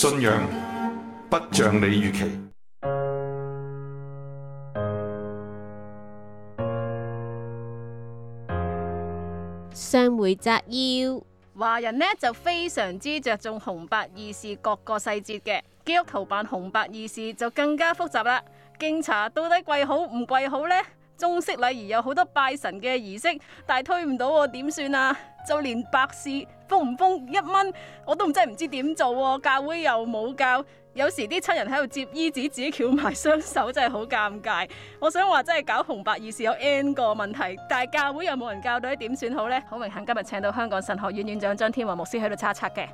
信仰不像你預期。上回摘要，華人呢就非常之着重紅白二事各個細節嘅，基督徒辦紅白二事就更加複雜啦。敬茶到底貴好唔貴好呢？中式禮儀有好多拜神嘅儀式，但係推唔到喎，點算啊？就連白事，封唔封一蚊，我都唔真係唔知點做。哦。教會又冇教，有時啲親人喺度接衣紙，自己翹埋雙手，真係好尷尬。我想話真係搞紅白二事有 n 個問題，但係教會又冇人教到，點算好呢？好榮幸今日請到香港神學院院長張天和牧師喺度插插嘅。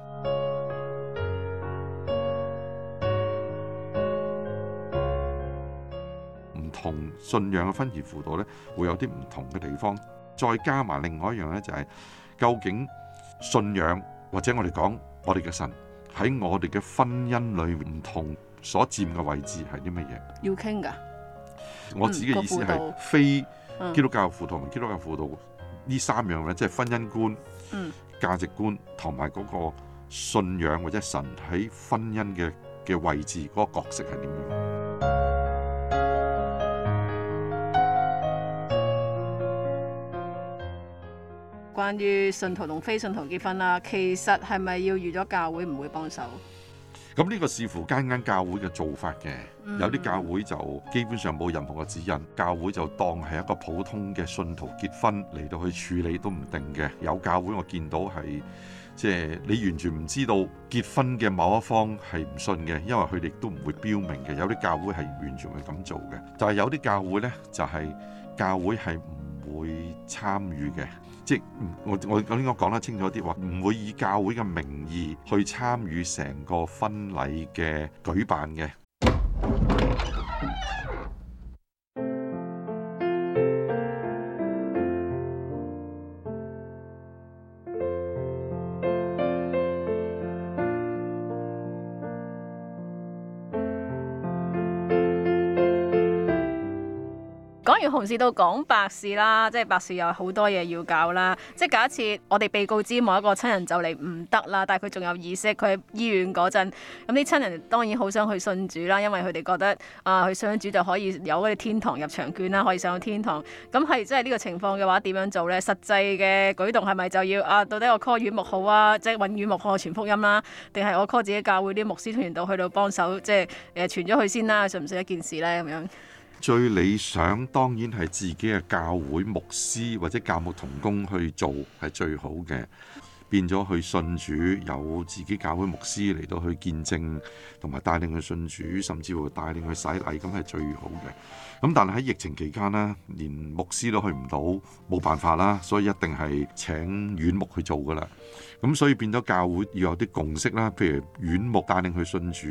唔同信仰嘅殯儀輔導呢，會有啲唔同嘅地方。再加埋另外一樣呢，就係、是、究竟。.信仰或者我哋講我哋嘅神喺我哋嘅婚姻裏面同所佔嘅位置係啲乜嘢，要傾噶？我指嘅意思係非基督教嘅輔導同、嗯、基督教嘅輔導呢三樣咧，即係婚姻觀、價、嗯、值觀同埋嗰個信仰或者神喺婚姻嘅嘅位置嗰、嗰個角色係點樣？關於信徒同非信徒結婚啦、啊，其實係咪要預咗教會唔會幫手？咁呢個視乎間間教會嘅做法嘅。嗯、有啲教會就基本上冇任何嘅指引，教會就當係一個普通嘅信徒結婚嚟到去處理都唔定嘅。有教會我見到係即係你完全唔知道結婚嘅某一方係唔信嘅，因為佢哋都唔會標明嘅。有啲教會係完全係咁做嘅，就係、是、有啲教會呢，就係、是、教會係唔會參與嘅。即我我應該講得清楚啲，話唔會以教會嘅名義去參與成個婚禮嘅舉辦嘅。 關於紅事到講白事啦，即係白事有好多嘢要搞啦。即係假設我哋被告知某一個親人就嚟唔得啦，但係佢仲有意識，佢喺醫院嗰陣，咁啲親人當然好想去信主啦，因為佢哋覺得啊，去信主就可以有啲天堂入場券啦，可以上到天堂。咁係即係呢個情況嘅話，點樣做呢？實際嘅舉動係咪就要啊？到底我 call 院牧好啊，即係揾院牧幫我傳福音啦，定係我 call 自己教會啲牧師團員度去到幫手，即係誒傳咗佢先啦？信唔信一件事呢？」咁樣？最理想當然係自己嘅教會牧師或者教牧同工去做係最好嘅，變咗去信主，有自己教會牧師嚟到去見證同埋帶領佢信主，甚至乎帶領佢洗禮，咁係最好嘅。咁但係喺疫情期間呢，連牧師都去唔到，冇辦法啦，所以一定係請院牧去做噶啦。咁所以變咗教會要有啲共識啦，譬如院牧帶領佢信主，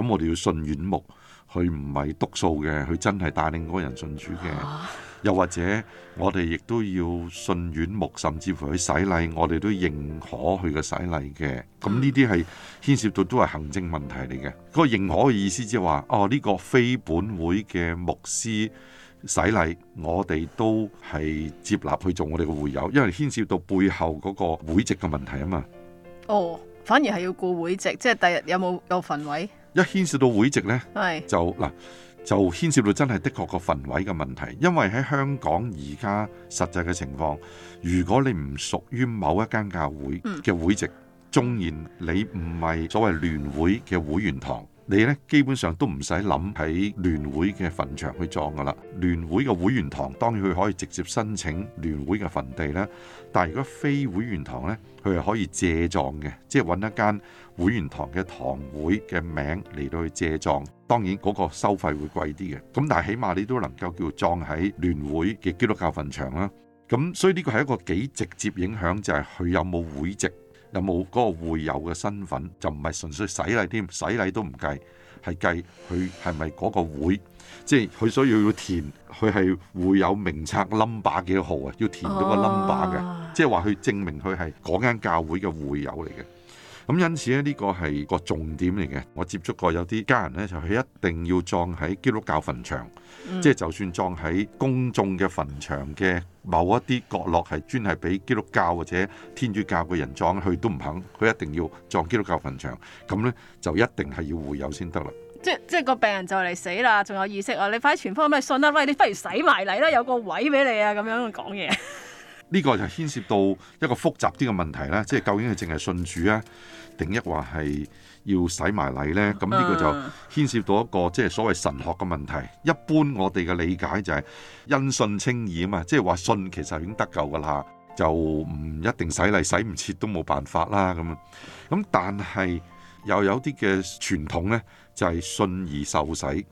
咁我哋要信院牧。佢唔係督數嘅，佢真係帶領嗰個人信主嘅。又或者我哋亦都要信院牧，甚至乎佢洗禮，我哋都認可佢嘅洗禮嘅。咁呢啲係牽涉到都係行政問題嚟嘅。嗰、嗰個認可嘅意思即係話，哦呢、呢個非本會嘅牧師洗禮，我哋都係接納去做我哋嘅會友，因為牽涉到背後嗰個會籍嘅問題啊嘛。哦，反而係要顧會籍，即係第日有冇有，有份位？一牽涉到會籍呢，是就嗱就牽涉到真係的，的確個墳位嘅問題，因為喺香港而家實際嘅情況，如果你唔屬於某一間教會嘅會籍，縱、嗯、然你唔係所謂聯會嘅會員堂。你咧基本上都唔使諗喺聯會嘅墳場去葬㗎喇，聯會嘅會員堂當然佢可以直接申請聯會嘅墳地啦，但係如果非會員堂呢，佢係可以借葬嘅，即係揾一間會員堂嘅堂會嘅名嚟到去借葬，當然嗰個收費會貴啲嘅，咁但係起碼你都能夠叫葬喺聯會嘅基督教墳場啦，咁所以呢個係一個幾直接影響就係、是、佢有冇會籍。有冇嗰個會友嘅身份？就唔係純粹洗禮添，洗禮都唔計，係計佢係咪嗰個會？即係佢所以要填，佢係會有名冊 number, number 幾號啊？要填到個 number 嘅，oh. 即係話佢證明佢係嗰間教會嘅會友嚟嘅。咁因此咧，呢個係個重點嚟嘅。我接觸過有啲家人咧，就佢一定要葬喺基督教墳場。嗯、即係就算葬喺公眾嘅墳場嘅某一啲角落，係專係俾基督教或者天主教嘅人葬去，都唔肯，佢一定要葬基督教墳場。咁呢就一定係要會友先得啦。即係即個病人就嚟死啦，仲有意識啊！你快啲傳福音，咪信啦！喂，你不如洗埋嚟啦，有個位俾你啊！咁樣講嘢。呢個就牽涉到一個複雜啲嘅問題啦，即係究竟佢淨係信主啊？定一話係要洗埋禮呢？咁呢個就牽涉到一個即係所謂神學嘅問題。一般我哋嘅理解就係因信稱義啊嘛，即係話信其實已經得救㗎啦，就唔一定，洗禮洗唔切都冇辦法啦咁啊。咁但係又有啲嘅傳統呢，就係、是、信而受洗。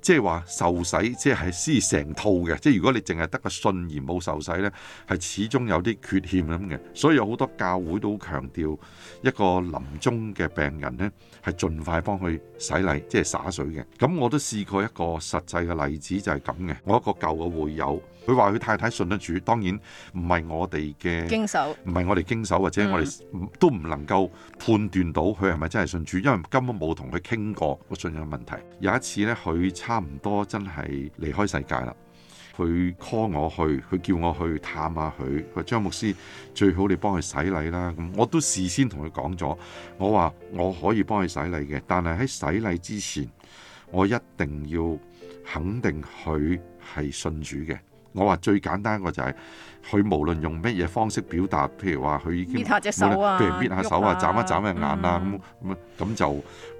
即係話受洗，即係係成套嘅。即係如果你淨係得個信而冇受洗呢，係始終有啲缺陷咁嘅。所以有好多教會都強調一個臨終嘅病人呢，係盡快幫佢洗禮，即係灑水嘅。咁我都試過一個實際嘅例子就係咁嘅。我一個舊嘅會友，佢話佢太太信得住，當然唔係我哋嘅經手，唔係我哋經手或者我哋、嗯、都唔能夠判斷到佢係咪真係信主，因為根本冇同佢傾過個信仰問題。有一次呢，佢，差唔多真係離開世界啦，佢 call 我去，佢叫我去探下佢。佢話，張牧師，最好你幫佢洗禮啦，咁我都事先同佢講咗，我話我可以幫佢洗禮嘅，但係喺洗禮之前，我一定要肯定佢係信主嘅。我話最簡單，個就係佢無論用乜嘢方式表達，譬如話佢已經，譬如搣下手啊，眨一眨嘅眼啦、啊，咁咁、嗯、就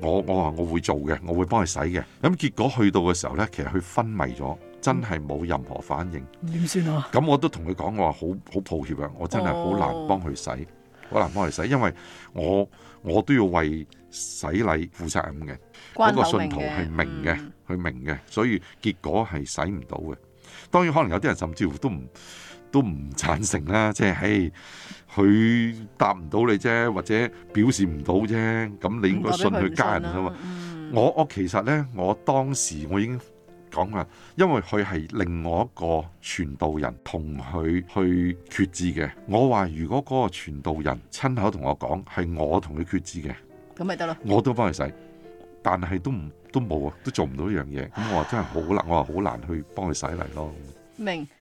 我我話我會做嘅，我會幫佢洗嘅。咁結果去到嘅時候呢，其實佢昏迷咗，真係冇任何反應。點、嗯、算啊？咁我都同佢講，我話好好抱歉啊，我真係好難幫佢洗，好、哦、難幫佢洗，因為我我都要為洗禮負責任嘅。關口 嗰個信徒係。嗯嗯、明嘅，佢明嘅，所以結果係洗唔到嘅。當然可能有啲人甚至乎都唔都唔贊成啦，即係佢答唔到你啫，或者表示唔到啫，咁你應該信佢家人啊嘛。嗯、我我其實呢，我當時我已經講啦，因為佢係另外一個傳道人同佢去決志嘅，我話如果嗰個傳道人親口同我講係我同佢決志嘅，咁咪得咯，我都幫佢洗。但係都唔都冇啊，都做唔到一樣嘢，咁我話真係好難，我話好難去幫佢洗泥咯。明白。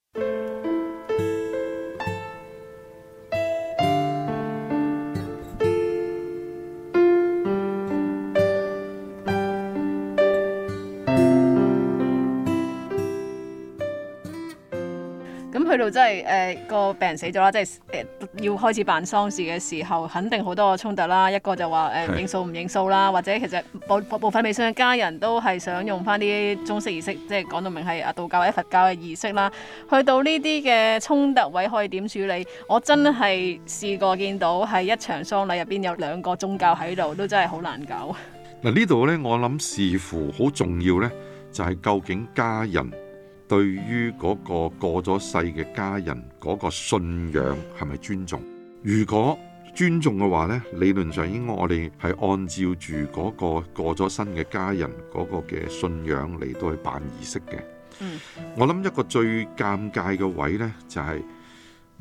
咁去 到真係誒個病人死咗啦，即係誒。要開始辦喪事嘅時候，肯定好多個衝突啦。一個就話誒認數唔認數啦，或者其實部部分未信嘅家人都係想用翻啲中式儀式，即係講到明係阿道教或者佛教嘅儀式啦。去到呢啲嘅衝突位可以點處理？我真係試過見到喺一場喪禮入邊有兩個宗教喺度，都真係好難搞。嗱呢度呢，我諗視乎好重要呢，就係究竟家人。對於嗰個過咗世嘅家人嗰、那個信仰係咪尊重？如果尊重嘅話呢，理論上應該我哋係按照住嗰個過咗身嘅家人嗰、那個嘅信仰嚟到去辦儀式嘅。嗯、我諗一個最尷尬嘅位呢，就係、是、誒、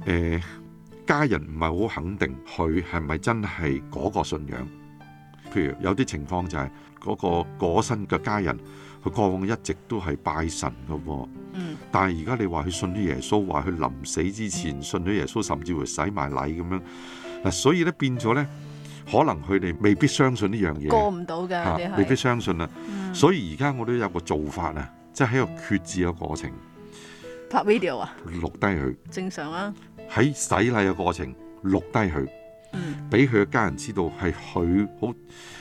呃、家人唔係好肯定佢係咪真係嗰個信仰。譬如有啲情況就係、是、嗰、那個過身嘅家人。佢過往一直都係拜神噶、啊，嗯、但係而家你話佢信咗耶穌，話佢臨死之前、嗯、信咗耶穌，甚至乎洗埋禮咁樣嗱、啊，所以咧變咗咧，可能佢哋未必相信呢樣嘢，過唔到噶，未必相信啊。嗯、所以而家我都有個做法啊，即、就、係、是、一個決志嘅過程，拍 video 啊，錄低佢正常啊，喺洗禮嘅過程錄低佢，嗯，俾佢家人知道係佢好好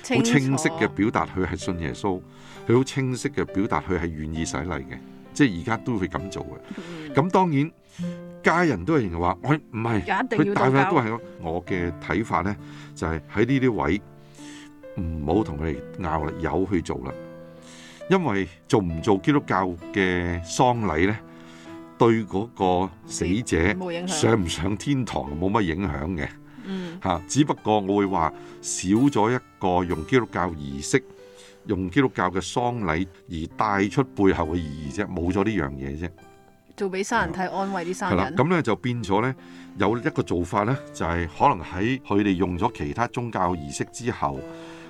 清晰嘅楚表達，佢係信耶穌。佢好清晰嘅表達，佢係願意洗禮嘅，即係而家都會咁做嘅。咁當然家人都係話，哎、我唔係佢，大概都係我嘅睇法咧，就係喺呢啲位唔好同佢哋拗啦，有去做啦。因為做唔做基督教嘅喪禮咧，對嗰個死者上唔上天堂冇乜影響嘅。吓，只不過我會話少咗一個用基督教儀式。用基督教嘅喪禮而帶出背後嘅意義啫，冇咗呢樣嘢啫，做俾生人睇，安慰啲生人。咁咧就變咗呢有一個做法呢，就係可能喺佢哋用咗其他宗教儀式之後，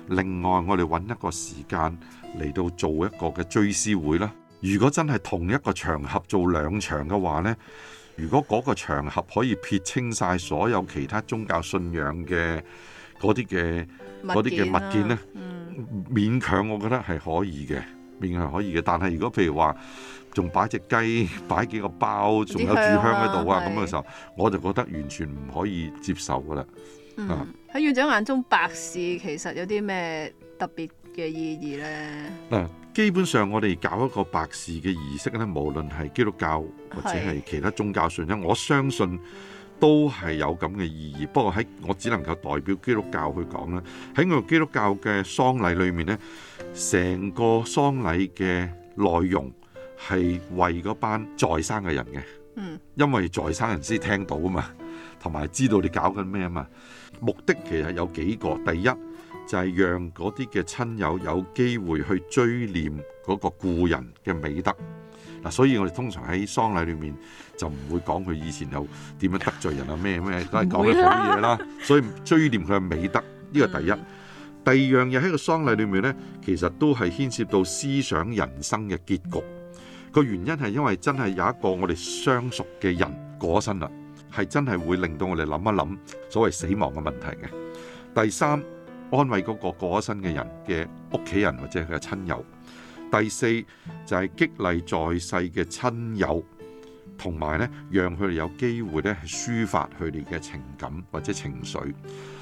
另外我哋揾一個時間嚟到做一個嘅追思會啦。如果真係同一個場合做兩場嘅話呢，如果嗰個場合可以撇清晒所有其他宗教信仰嘅。嗰啲嘅啲嘅物件咧，勉強我覺得係可以嘅，勉強可以嘅。但係如果譬如話，仲擺隻雞，擺幾個包，仲有煮香喺度啊咁嘅時候，我就覺得完全唔可以接受噶啦。嗯啊、喺院長眼中，白事其實有啲咩特別嘅意義咧？嗱，基本上我哋搞一個白事嘅儀式咧，無論係基督教或者係其他宗教信咧，是我相信。都係有咁嘅意義，不過喺我只能夠代表基督教去講啦。喺我基督教嘅喪禮裏面呢，成個喪禮嘅內容係為嗰班在生嘅人嘅，嗯，因為在生人先聽到啊嘛，同埋知道你搞緊咩啊嘛。目的其實有幾個，第一就係讓嗰啲嘅親友有機會去追念嗰個故人嘅美德。嗱，所以我哋通常喺喪禮裏面就唔會講佢以前有點樣得罪人啊咩咩，都係講佢好嘢啦。會啦，所以追念佢嘅美德，呢個第一。第二樣嘢喺個喪禮裏面呢，其實都係牽涉到思想人生嘅結局。個原因係因為真係有一個我哋相熟嘅人過身啦、啊，係真係會令到我哋諗一諗所謂死亡嘅問題嘅。第三，安慰嗰個過身嘅人嘅屋企人或者佢嘅親友。第四就係、是、激勵在世嘅親友，同埋呢讓佢哋有機會呢抒發佢哋嘅情感或者情緒。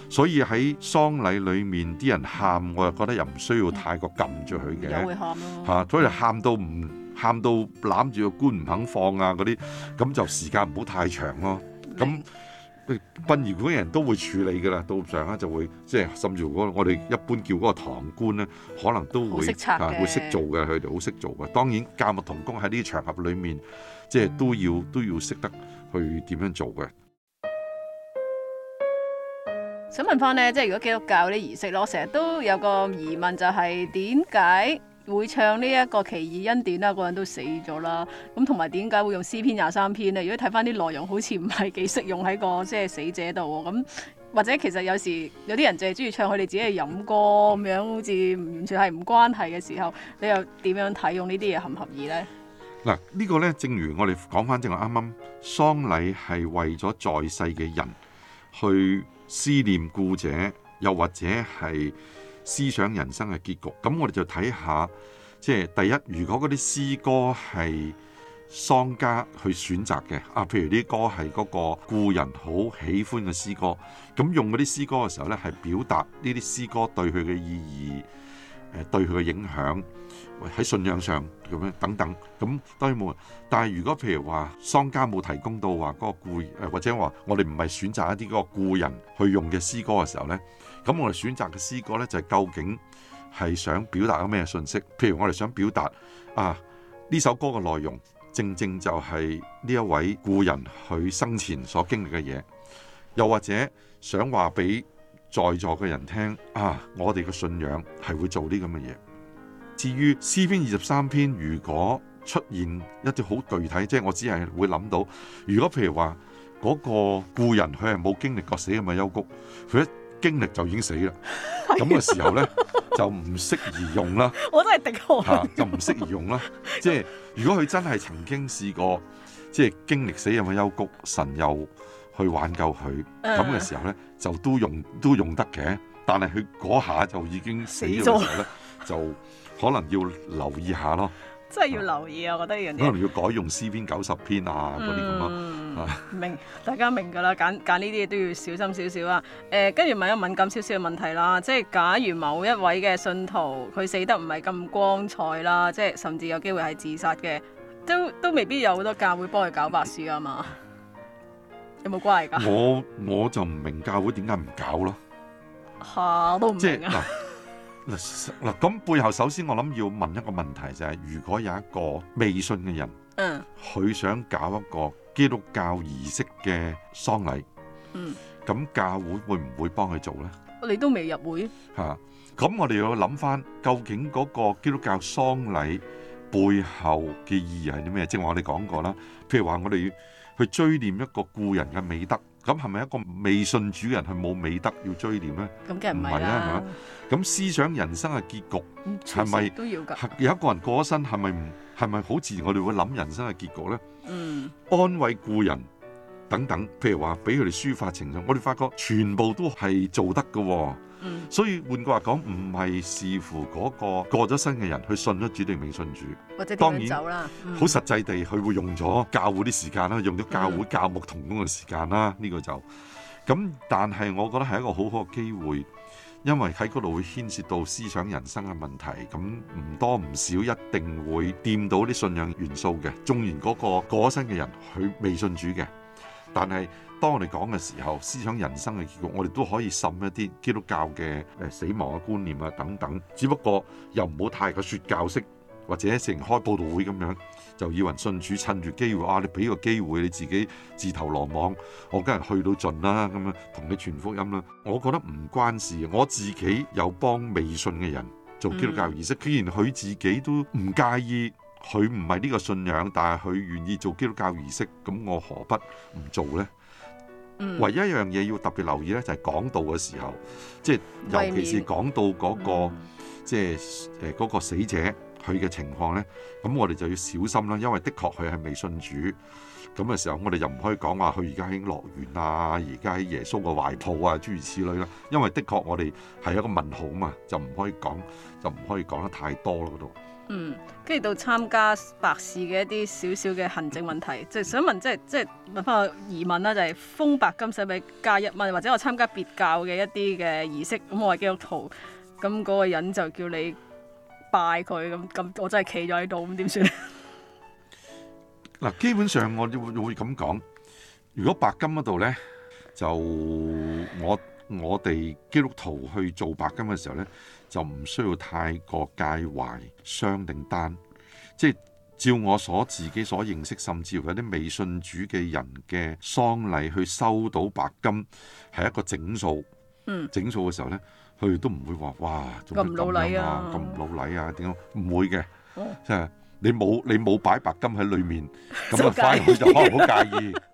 所以喺喪禮裏面，啲人喊，我又覺得又唔需要太過撳住佢嘅，嚇、嗯，所以喊到唔喊到攬住個棺唔肯放啊嗰啲，咁就時間唔好太長咯、啊，咁、嗯。誒，殯儀館嘅人都會處理嘅啦，到上咧就會即係甚至乎我哋一般叫嗰個堂官咧，可能都會嚇，拆會識做嘅，佢哋好識做嘅。當然，教牧同工喺呢啲場合裏面，即、就、係、是、都要、嗯、都要識得去點樣做嘅。想問翻咧，即係如果基督教啲儀式咯，成日都有個疑問、就係，就係點解？會唱呢一個奇異恩典，啦，個人都死咗啦。咁同埋點解會用詩篇廿三篇呢？如果睇翻啲內容，好似唔係幾適用喺個即係死者度。咁或者其實有時有啲人就係中意唱佢哋自己嘅飲歌咁樣，好似完全係唔關係嘅時候，你又點樣睇用呢啲嘢合唔合意呢？嗱，呢個呢，正如我哋講翻，正話啱啱喪禮係為咗在世嘅人去思念故者，又或者係。思想人生嘅結局，咁我哋就睇下，即係第一，如果嗰啲詩歌係喪家去選擇嘅，啊，譬如啲歌係嗰個故人好喜歡嘅詩歌，咁用嗰啲詩歌嘅時候呢，係表達呢啲詩歌對佢嘅意義。誒對佢嘅影響，喺信仰上咁樣等等，咁當然冇。但係如果譬如話，喪家冇提供到話嗰個故誒，或者話我哋唔係選擇一啲嗰個故人去用嘅詩歌嘅時候呢，咁我哋選擇嘅詩歌呢，就係究竟係想表達緊咩信息？譬如我哋想表達啊呢首歌嘅內容，正正就係呢一位故人佢生前所經歷嘅嘢，又或者想話俾。在座嘅人聽啊，我哋嘅信仰係會做啲咁嘅嘢。至於詩篇二十三篇，如果出現一啲好具體，即係我只係會諗到，如果譬如話嗰個故人佢係冇經歷過死咁嘅幽谷，佢一經歷就已經死啦。咁嘅時候咧 就唔適宜用啦。我都係敵號。吓，就唔適宜用啦。即係如果佢真係曾經試過，即係經歷死咁嘅幽谷，神又。去挽救佢咁嘅時候咧，就都用都用得嘅。但係佢嗰下就已經死咗嘅時候咧，死了 就可能要留意下咯。即係要留意啊！我覺得樣可能要改用詩篇九十篇啊嗰啲咁咯。嗯、咯明，大家明㗎啦，揀揀呢啲嘢都要小心少少啊。誒、呃，跟住問一敏感少少嘅問題啦，即係假如某一位嘅信徒佢死得唔係咁光彩啦，即係甚至有機會係自殺嘅，都都未必有好多教會幫佢搞白事啊嘛。 有冇關係噶？我我就唔明教會點解唔搞咯，吓都唔明啊！嗱咁背後，首先我諗要問一個問題，就係如果有一個未信嘅人，嗯，佢想搞一個基督教儀式嘅喪禮，嗯，咁教會會唔會幫佢做咧？你都未入會，吓咁我哋要諗翻，究竟嗰個基督教喪禮背後嘅意義係啲咩？正話我哋講過啦，譬如話我哋。去追念一個故人嘅美德，咁係咪一個未信主嘅人係冇美德要追念咧？咁梗係唔係啦，係咪？咁思想人生嘅結局係咪？嗯、係咪都要噶。有一個人過咗身，係咪？係咪好自然？我哋會諗人生嘅結局咧。嗯。安慰故人等等，譬如話俾佢哋抒發情緒，我哋發覺全部都係做得噶。嗯、所以換句話講，唔係視乎嗰個過咗身嘅人去信咗主定未信主，或者點樣走啦。好、嗯、實際地，佢會用咗教會啲時間啦，用咗教會教牧同工嘅時間啦。呢、這個就咁，但係我覺得係一個好好嘅機會，因為喺嗰度會牽涉到思想人生嘅問題，咁唔多唔少一定會掂到啲信仰元素嘅。縱然嗰個過咗身嘅人，佢未信主嘅。但係當我哋講嘅時候，思想人生嘅結局，我哋都可以滲一啲基督教嘅誒死亡嘅觀念啊等等，只不過又唔好太過說教式，或者成開報道會咁樣，就以為信主趁住機會啊，你俾個機會你自己自投羅網，我梗係去到盡啦，咁樣同你傳福音啦。我覺得唔關事，我自己有幫未信嘅人做基督教儀式，既然佢自己都唔介意。佢唔係呢個信仰，但係佢願意做基督教儀式，咁我何不唔做呢？嗯、唯一一樣嘢要特別留意呢，就係講道嘅時候，即係尤其是講到嗰個、嗯、即係誒、呃嗰個、死者佢嘅情況呢，咁我哋就要小心啦，因為的確佢係未信主，咁、那、嘅、個、時候我哋又唔可以講話佢而家已經樂園啊，而家喺耶穌嘅懷抱啊諸如此類啦，因為的確我哋係一個問號啊嘛，就唔可以講，就唔可以講得太多咯度。嗯，跟住到參加白事嘅一啲少少嘅行政問題，即係、想問，即係即係問翻個疑問啦，就係、是、封帛金使唔使加一蚊？或者我參加別教嘅一啲嘅儀式，咁我係基督徒，咁嗰個人就叫你拜佢，咁咁我真係企咗喺度，咁點算？嗱，基本上我哋會會咁講，如果帛金嗰度咧，就我我哋基督徒去做帛金嘅時候咧。就唔需要太過介懷，雙定單，即係照我所自己所認識，甚至乎有啲未信主嘅人嘅喪禮去收到帛金係一個整數，嗯、整數嘅時候呢，佢哋都唔會話哇咁唔老禮啊，咁唔老禮啊，點樣唔會嘅，啊、即係你冇你冇擺帛金喺裏面，咁、嗯、啊翻去就可能好介意。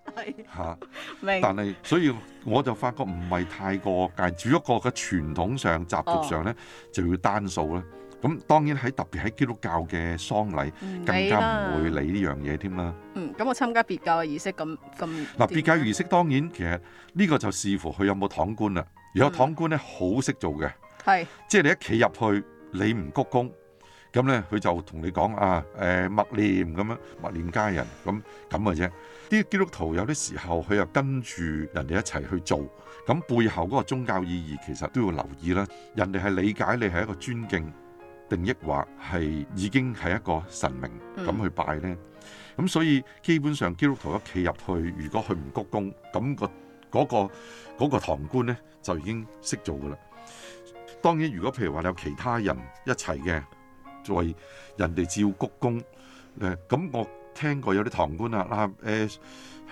吓， 但係所以我就發覺唔係太過介，只一個嘅傳統上習俗上咧就要單數啦。咁當然喺特別喺基督教嘅喪禮更加唔會理呢樣嘢添啦。嗯，咁我參加別教嘅儀式咁咁嗱，別教儀式當然其實呢個就視乎佢有冇堂官啦。如果堂官咧好識做嘅係，嗯、即係你一企入去你唔鞠躬。咁咧，佢就同你講啊，誒默念咁樣默念家人咁咁嘅啫。啲基督徒有啲時候佢又跟住人哋一齊去做，咁背後嗰個宗教意義其實都要留意啦。人哋係理解你係一個尊敬定抑或係已經係一個神明咁、嗯、去拜咧。咁所以基本上基督徒一企入去，如果佢唔鞠躬，咁、嗰嗰、嗰嗰、嗰個堂官咧就已經識做噶啦。當然，如果譬如話你有其他人一齊嘅。作為人哋照鞠躬誒，咁、嗯、我聽過有啲堂官啊，嗱、誒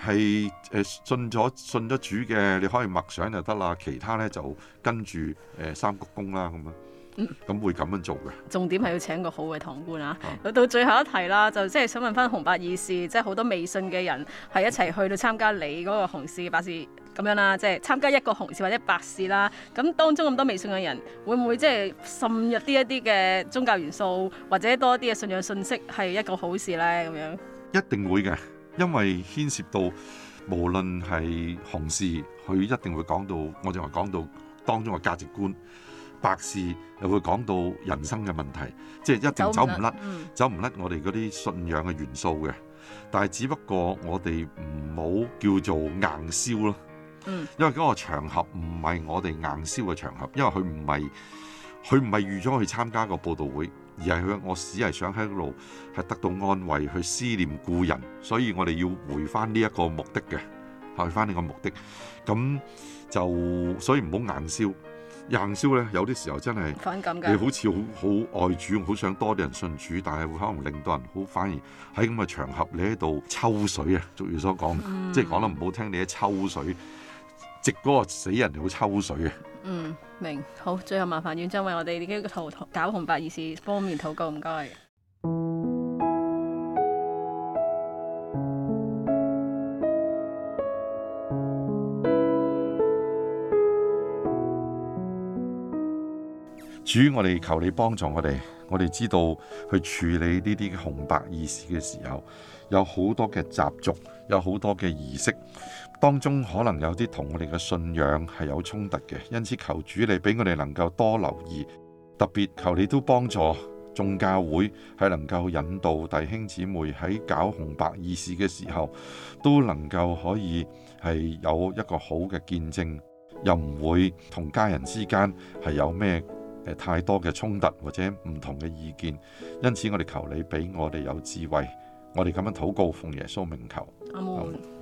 係誒信咗信咗主嘅，你可以默想就得啦，其他咧就跟住誒、呃、三鞠躬啦咁啊，咁會咁樣做嘅。重點係要請個好嘅堂官啊！啊到最後一題啦，就即係想問翻紅白二事，即係好多未信嘅人係一齊去到參加你嗰個紅事白事。咁樣啦，即係參加一個紅事或者白事啦，咁當中咁多未信嘅人，會唔會即係滲入啲一啲嘅宗教元素，或者多一啲嘅信仰信息，係一個好事呢？咁樣一定會嘅，因為牽涉到無論係紅事，佢一定會講到，我哋話講到當中嘅價值觀；白事又會講到人生嘅問題，即係一定走唔甩，走唔甩我哋嗰啲信仰嘅元素嘅。但係只不過我哋唔好叫做硬銷咯。嗯、因為嗰個場合唔係我哋硬銷嘅場合，因為佢唔係佢唔係預咗去參加個佈道會，而係佢我只係想喺度係得到安慰，去思念故人，所以我哋要回翻呢一個目的嘅，回翻呢個目的，咁就所以唔好硬銷，硬銷呢，有啲時候真係，反感你好似好好愛主，好想多啲人信主，但係會可能令到人好反而喺咁嘅場合，你喺度抽水啊，俗語所講，即係、嗯、講得唔好聽，你喺抽水。直嗰個死人好抽水嘅。嗯，明好，最後麻煩院長，為我哋呢個討搞紅白二事方面禱告，唔該。主，我哋求你幫助我哋。我哋知道去處理呢啲紅白二事嘅時候，有好多嘅習俗，有好多嘅儀式。當中可能有啲同我哋嘅信仰係有衝突嘅，因此求主你俾我哋能夠多留意，特別求你都幫助眾教會係能夠引導弟兄姊妹喺搞紅白二事嘅時候都能夠可以係有一個好嘅見證，又唔會同家人之間係有咩太多嘅衝突或者唔同嘅意見，因此我哋求你俾我哋有智慧，我哋咁樣禱告奉耶穌名求。Amen. Okay.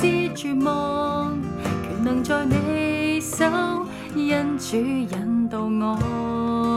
是絕望，權能在你手，因主引導我。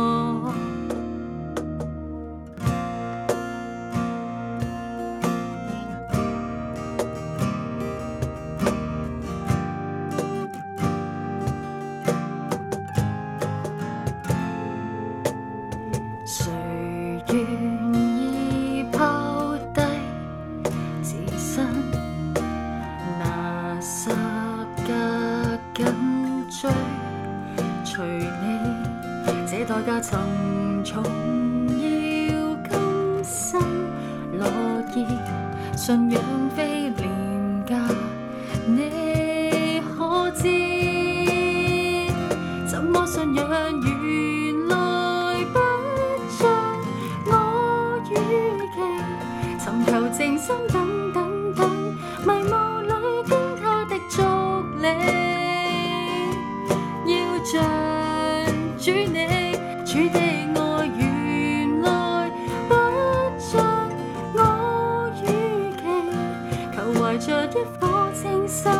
懷着一顆真心，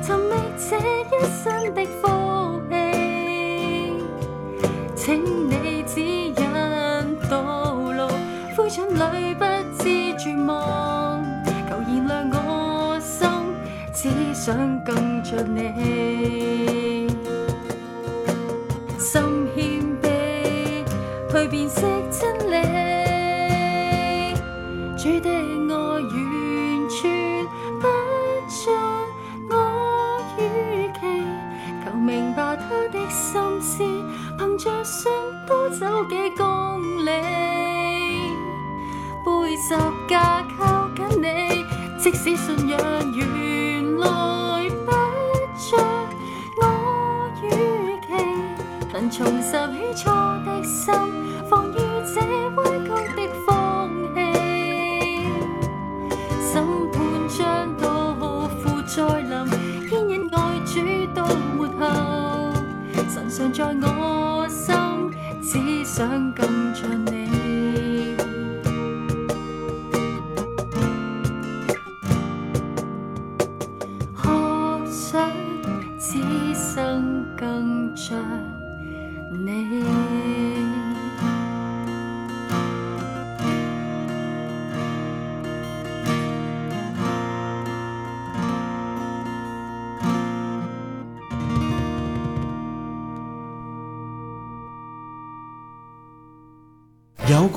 尋覓這一生的福氣，請你指引道路，灰燼裏不知絕望，求燃亮我心，只想跟着你。只信仰原來不像我預期，能重拾起初的心，防的放於這危急的風氣。審判將到，負再臨，牽引愛主到末後，神常在我心，只想更近。